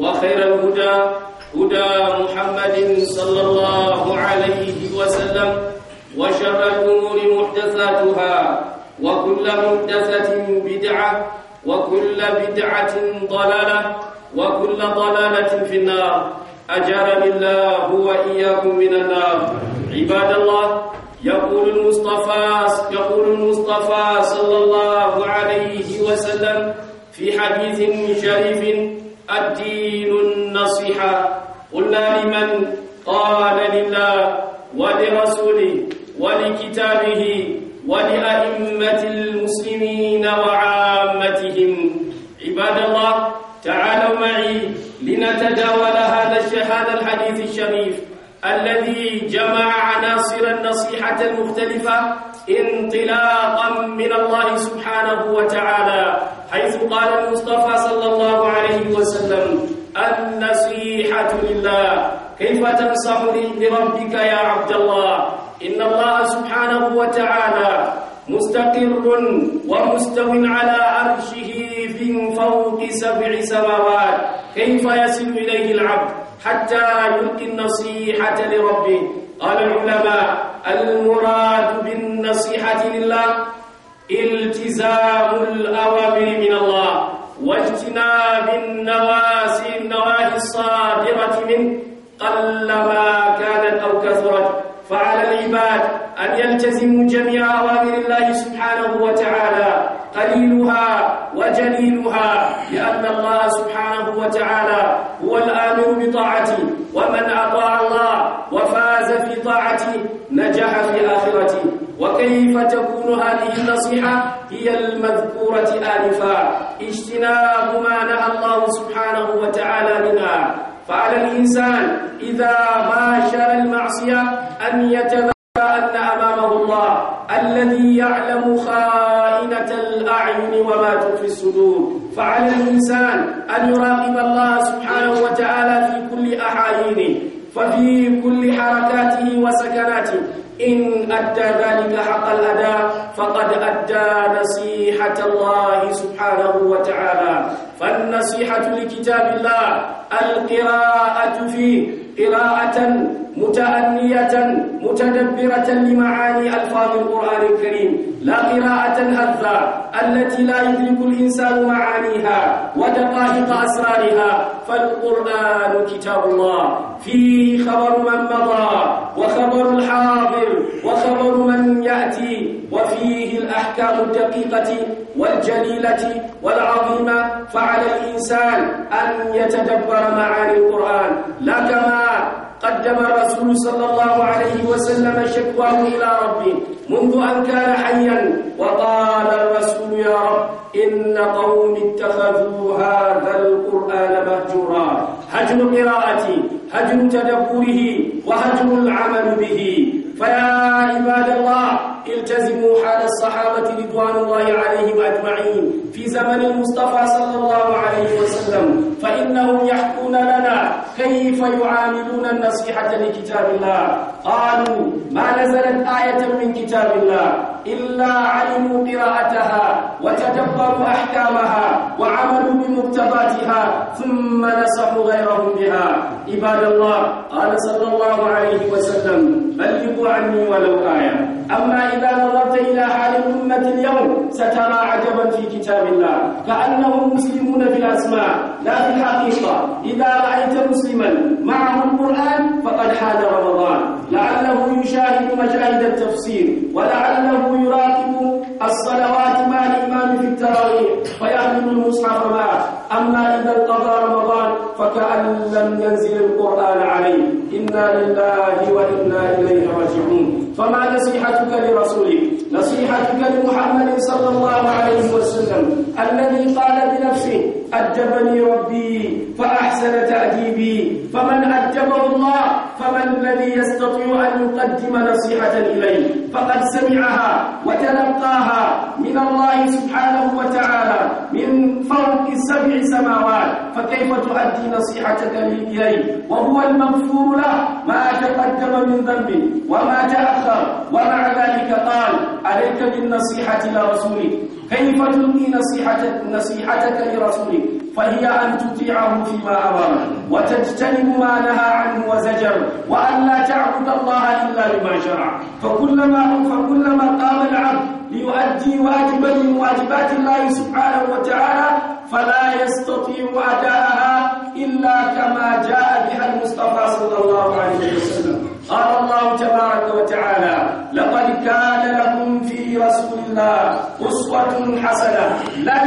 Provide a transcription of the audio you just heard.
وخير الهدى هدى محمد صلى الله عليه وسلم وشر الأمور محدثاتها وكل محدثة بدعة وكل بدعة ضلالة وكل ضلالة في النار أجرني الله وإياكم من النار عباد الله يقول المصطفى يقول المصطفى صلى الله عليه وسلم في حديث شريف الدين النصيحة قلنا لمن قال لله ولرسوله ولكتابه ولأئمة المسلمين وعامتهم عباد الله تعالوا معي لنتداول هذا الحديث الشريف الذي جمع عناصر النصيحة المختلفة انطلاقا من الله سبحانه وتعالى حيث قال المصطفى صلى الله عليه وسلم النصيحة لله كيف تنصح لربك يا عبد الله إن الله سبحانه وتعالى مستقر ومستو على عرشه من فوق سبع سماوات كيف يصل إليه العبد حتى يلقي النصيحة لربه قال العلماء المراد بالنصيحة لله التزام الأوامر من الله واجتناب النواسي النواهي الصادرة منه قلما كانت أو كثرت فعلى العباد أن يلتزموا جميع أوامر الله سبحانه وتعالى قليلها وجليلها لأن الله سبحانه وتعالى هو الآمر بطاعته ومن أطاع الله وفاز في طاعته نجح في آخرته وكيف تكون هذه النصيحة هي المذكورة آنفا اجتناب ما نهى الله سبحانه وتعالى منها فعلى الإنسان إذا باشر المعصية أن يتذكر أن أمامه الله الذي يعلم خالقه وما تخفي الصدور فعلى الإنسان أن يراقب الله سبحانه وتعالى في كل أحايينه ففي كل حركاته وسكناته إن أدى ذلك حق الأداء فقد أدى نصيحة الله سبحانه وتعالى فالنصيحة لكتاب الله القراءة فيه قراءة متأنية متدبرة لمعاني ألفاظ القرآن الكريم لا قراءة أذى التي لا يدرك الإنسان معانيها ودقائق أسرارها فالقرآن كتاب الله فيه خبر من مضى وخبر الحاضر وخبر من يأتي وفيه الأحكام الدقيقة والجليلة والعظيمة فعلى الإنسان أن يتدبر معاني القرآن لا كما قدم الرسول صلى الله عليه وسلم شكواه إلى ربه منذ أن كان حيا وقال الرسول يا رب إن قوم اتخذوا هذا القرآن مهجورا هجر قراءته هجر تدبره وهجر العمل به فيا عباد الله التزموا حال الصحابة رضوان الله عليهم أجمعين في زمن المصطفى صلى الله عليه وسلم فإنهم يحكون لنا كيف يعاملون النصيحة لكتاب الله قالوا ما نزلت آية من كتاب الله إلا علموا قراءتها وتدبروا أحكامها وعملوا بمقتضاتها ثم نصحوا غيرهم بها عباد الله قال صلى الله عليه وسلم بلغوا عني ولو آية أما إذا نظرت إلى حال الأمة اليوم سترى عجبا في كتاب الله كأنهم مسلمون في الأسماء لا في الحقيقة إذا رأيت مسلما معه القرآن فقد حاد رمضان لعله يشاهد مشاهد التفسير ولعله يراقب الصلوات مع الإمام في التراويح فيحمل المصحف معه أما إذا انقضى رمضان فكأن لم ينزل القرآن عليه إنا لله وإنا إليه راجعون فما نصيحتك لرسولك نصيحتك لمحمد صلى الله عليه وسلم الذي قال بنفسه أدبني ربي فأحسن تأديبي فمن أدبه الله فمن الذي يستطيع أن يقدم نصيحة إليه فقد سمعها وتلقاها من الله سبحانه وتعالى من فوق سبع سماوات فكيف تؤدي نصيحتك لإليه وهو المغفور له ما تقدم من ذنبه وما تأخر ومع ذلك قال عليك بالنصيحة لرسولك كيف تلقي نصيحتك, نصيحتك لرسولك فهي أن تطيعه فيما أمر وتجتنب ما نهى عنه وزجر وأن لا تعبد الله إلا بما شرع فكلما فكلما قام العبد ليؤدي واجبا من واجبات الله سبحانه وتعالى فلا يستطيع أداءها إلا كما جاء بها المصطفى صلى الله عليه وسلم قال الله تبارك وتعالى لقد كان لكم في رسول الله أسوة حسنة